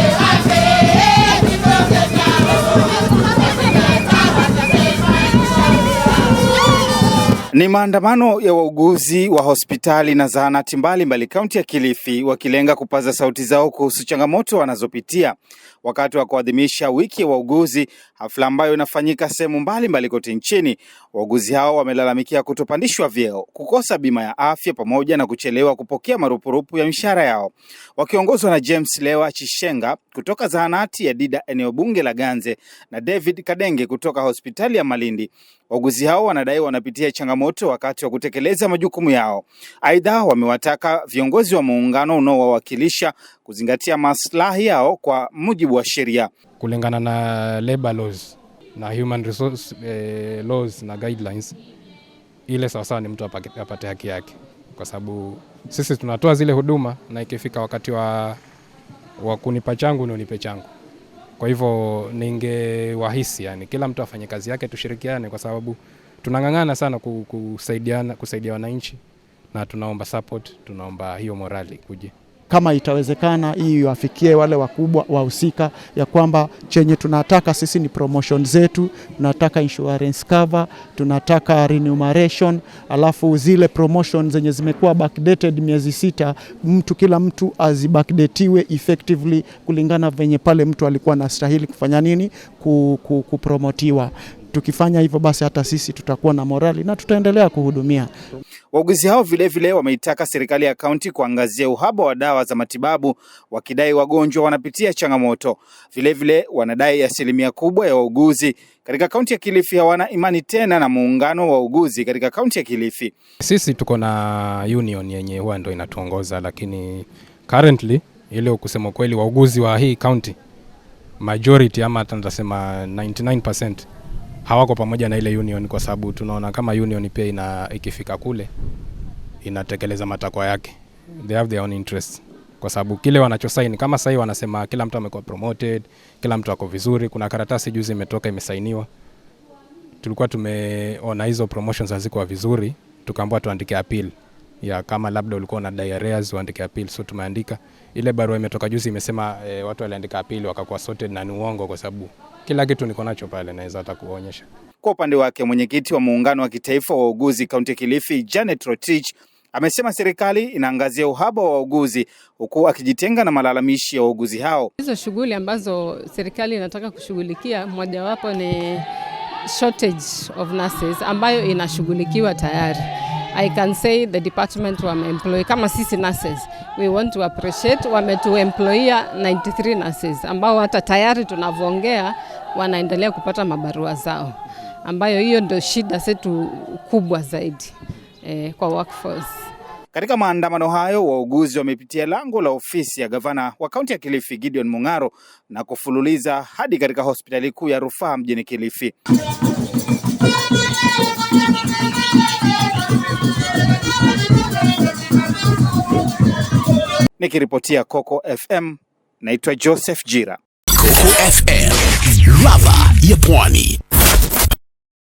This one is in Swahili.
Yeah. Ni maandamano ya wauguzi wa hospitali na zahanati mbalimbali kaunti ya Kilifi wakilenga kupaza sauti zao kuhusu changamoto wanazopitia wakati wa kuadhimisha wiki ya wauguzi, hafla ambayo inafanyika sehemu mbalimbali kote nchini. Wauguzi hao wamelalamikia kutopandishwa vyeo, kukosa bima ya afya pamoja na kuchelewa kupokea marupurupu ya mishahara yao. Wakiongozwa na James Lewa Chishenga kutoka zahanati ya Dida eneo bunge la Ganze na David Kadenge kutoka hospitali ya Malindi Wauguzi hao wanadai wanapitia changamoto wakati wa kutekeleza majukumu yao. Aidha, wamewataka viongozi wa muungano unaowawakilisha kuzingatia maslahi yao kwa mujibu wa sheria kulingana na labor laws na human resource eh, laws na guidelines ile sawasawa, ni mtu apate haki yake, kwa sababu sisi tunatoa zile huduma na ikifika wakati wa, wa kunipa changu ni unipe changu kwa hivyo ningewahisi yani, kila mtu afanye kazi yake, tushirikiane kwa sababu tunang'ang'ana sana kusaidiana, kusaidia wananchi na tunaomba support, tunaomba hiyo morali kuje kama itawezekana hii iwafikie wale wakubwa wahusika, ya kwamba chenye tunataka sisi ni promotion zetu, tunataka insurance cover, tunataka remuneration, alafu zile promotion zenye zimekuwa backdated miezi sita, mtu kila mtu azibackdatiwe effectively kulingana venye pale mtu alikuwa anastahili kufanya nini, kupromotiwa. Tukifanya hivyo basi hata sisi tutakuwa na morali na tutaendelea kuhudumia. Wauguzi hao vilevile wameitaka serikali ya kaunti kuangazia uhaba wa dawa za matibabu, wakidai wagonjwa wanapitia changamoto. Vilevile wanadai asilimia kubwa ya wauguzi katika kaunti ya Kilifi hawana imani tena na muungano wa wauguzi katika kaunti ya Kilifi. Sisi tuko na union yenye huwa ndio inatuongoza, lakini currently ile kusema kweli wauguzi wa hii kaunti majority ama tunasema 99% hawako pamoja na ile union, kwa sababu tunaona kama union pia ina ikifika kule inatekeleza matakwa yake, they have their own interest, kwa sababu kile wanachosaini kama sasa hivi wanasema kila mtu amekuwa promoted, kila mtu ako vizuri. Kuna karatasi juzi imetoka imesainiwa, tulikuwa tumeona hizo promotions hazikuwa vizuri, tukaambiwa tuandike appeal ya kama labda ulikuwa na diarreas uandike appeal. So tumeandika ile barua imetoka juzi imesema e, watu waliandika appeal wakakuwa sorted na ni uongo kwa sababu kila kitu niko nacho pale, naweza hata kuonyesha. Kwa upande wake mwenyekiti wa muungano wa kitaifa wa wauguzi kaunti Kilifi, Janet Rotich amesema serikali inaangazia uhaba wa wauguzi huku akijitenga na malalamishi ya wauguzi hao. Hizo shughuli ambazo serikali inataka kushughulikia, mojawapo ni shortage of nurses ambayo inashughulikiwa tayari. I can say the department wameemploy kama sisi nurses, we want to appreciate wametuemployia 93 nurses ambao hata tayari tunavyoongea wanaendelea kupata mabarua zao, ambayo hiyo ndio shida zetu kubwa zaidi eh, kwa workforce. Katika maandamano hayo wauguzi wamepitia lango la ofisi ya gavana wa kaunti ya Kilifi Gideon Mung'aro na kufululiza hadi katika hospitali kuu ya rufaa mjini Kilifi. Nikiripotia Coco FM, naitwa Joseph Jira, Coco FM ladha ya pwani.